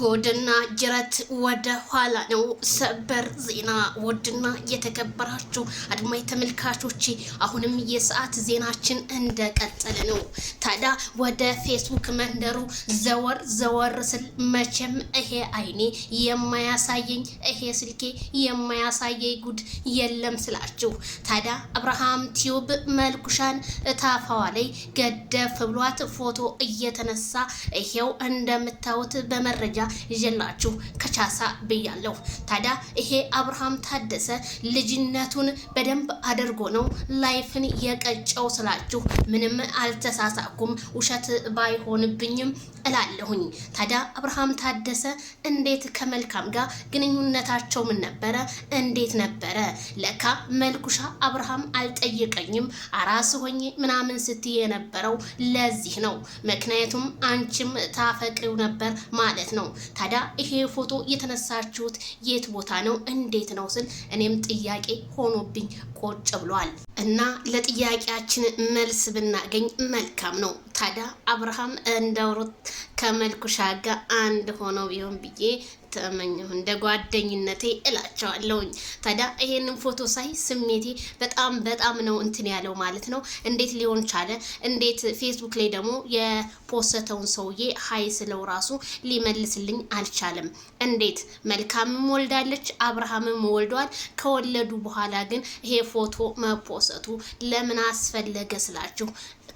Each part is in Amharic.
ጎድና ጅረት ወደ ኋላ ነው። ሰበር ዜና! ውድና የተከበራችሁ አድማጭ ተመልካቾች አሁንም የሰዓት ዜናችን እንደቀጠለ ነው። ታዲያ ወደ ፌስቡክ መንደሩ ዘወር ዘወር ስል መቼም ይሄ አይኔ የማያሳየኝ ይሄ ስልኬ የማያሳየኝ ጉድ የለም ስላችሁ፣ ታዲያ አብርሃም ቲዩብ መልኩሻን እታፋዋ ላይ ገደፍ ብሏት ፎቶ እየተነሳ ይሄው እንደምታዩት በመረጃ ይዤላችሁ ከቻሳ ብያለሁ። ታዲያ ይሄ አብርሃም ታደሰ ልጅነቱን በደንብ አድርጎ ነው ላይፍን የቀጨው ስላችሁ ምንም አልተሳሳኩም፣ ውሸት ባይሆንብኝም እላለሁኝ። ታዲያ አብርሃም ታደሰ እንዴት ከመልካም ጋር ግንኙነታቸው ምን ነበረ? እንዴት ነበረ? ለካ መልኩሻ አብርሃም አልጠየቀኝም አራስ ሆኜ ምናምን ስትይ የነበረው ለዚህ ነው። ምክንያቱም አንቺም ታፈቅሪው ነበር ማለት ነው። ታዲያ ይሄ ፎቶ የተነሳችሁት የት ቦታ ነው እንዴት ነው ስል እኔም ጥያቄ ሆኖብኝ ቆጭ ብሏል። እና ለጥያቄያችን መልስ ብናገኝ መልካም ነው። ታዲያ አብርሃም እንደውሩት ከመልኩ ከመልኩሻ ጋር አንድ ሆነው ቢሆን ብዬ ተመኘሁ እንደ ጓደኝነቴ እላቸዋለሁኝ። ታዲያ ይሄንን ፎቶ ሳይ ስሜቴ በጣም በጣም ነው እንትን ያለው ማለት ነው። እንዴት ሊሆን ቻለ? እንዴት ፌስቡክ ላይ ደግሞ የፖሰተውን ሰውዬ ሀይ ስለው ራሱ ሊመልስልኝ አልቻለም። እንዴት መልካምም ወልዳለች፣ አብርሃምም ወልደዋል። ከወለዱ በኋላ ግን ይሄ ፎቶ መፖስ መውሰቱ ለምን አስፈለገ ስላችሁ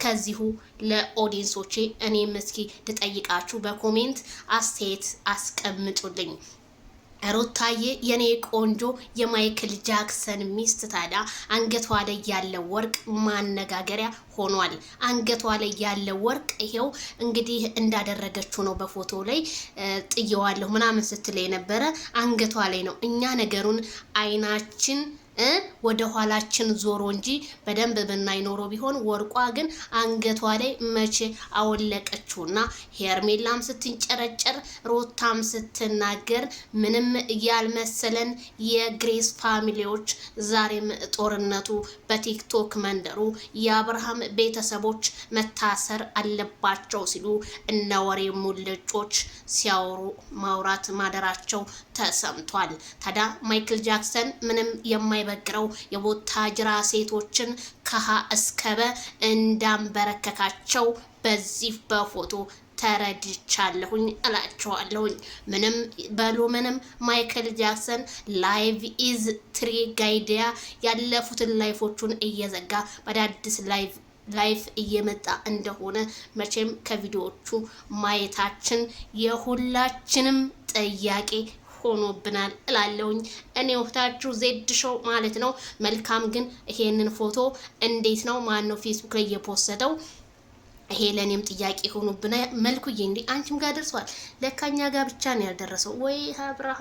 ከዚሁ ለኦዲየንሶቼ እኔም እስኪ ልጠይቃችሁ፣ በኮሜንት አስተያየት አስቀምጡልኝ። ሩታዬ የኔ ቆንጆ የማይክል ጃክሰን ሚስት ታዲያ አንገቷ ላይ ያለው ወርቅ ማነጋገሪያ ሆኗል። አንገቷ ላይ ያለው ወርቅ ይሄው እንግዲህ እንዳደረገችው ነው። በፎቶ ላይ ጥየዋለሁ ምናምን ስትል የነበረ አንገቷ ላይ ነው። እኛ ነገሩን አይናችን ወደ ኋላችን ዞሮ እንጂ በደንብ ብናይ ኖሮ ቢሆን ወርቋ ግን አንገቷ ላይ መቼ አወለቀችውና ሄርሜላም ስትንጨረጨር ሮታም ስትናገር ምንም ያልመሰለን የግሬስ ፋሚሊዎች ዛሬም ጦርነቱ በቲክቶክ መንደሩ የአብርሃም ቤተሰቦች መታሰር አለባቸው ሲሉ እነ ወሬ ሙልጮች ሲያወሩ ማውራት ማደራቸው ተሰምቷል። ታዲያ ማይክል ጃክሰን ምንም የማይበ የቦታ ጅራ ሴቶችን ከሀ እስከበ እንዳንበረከካቸው በዚህ በፎቶ ተረድቻለሁኝ እላቸዋለሁኝ። ምንም በሉ ምንም ማይክል ጃክሰን ላይቭ ኢዝ ትሪ ጋይዲያ ያለፉትን ላይፎቹን እየዘጋ በአዳዲስ ላይቭ ላይፍ እየመጣ እንደሆነ መቼም ከቪዲዮዎቹ ማየታችን የሁላችንም ጥያቄ ሆኖብናል እላለሁኝ። እኔ ወታችሁ ዜድ ሾው ማለት ነው። መልካም ግን ይሄንን ፎቶ እንዴት ነው ማን ነው ፌስቡክ ላይ የፖሰተው? ይሄ ለእኔም ጥያቄ ሆኖብና መልኩዬ እንዲህ አንቺም ጋር ደርሷል። ለካኛ ጋር ብቻ ነው ያልደረሰው ወይ አብርሃም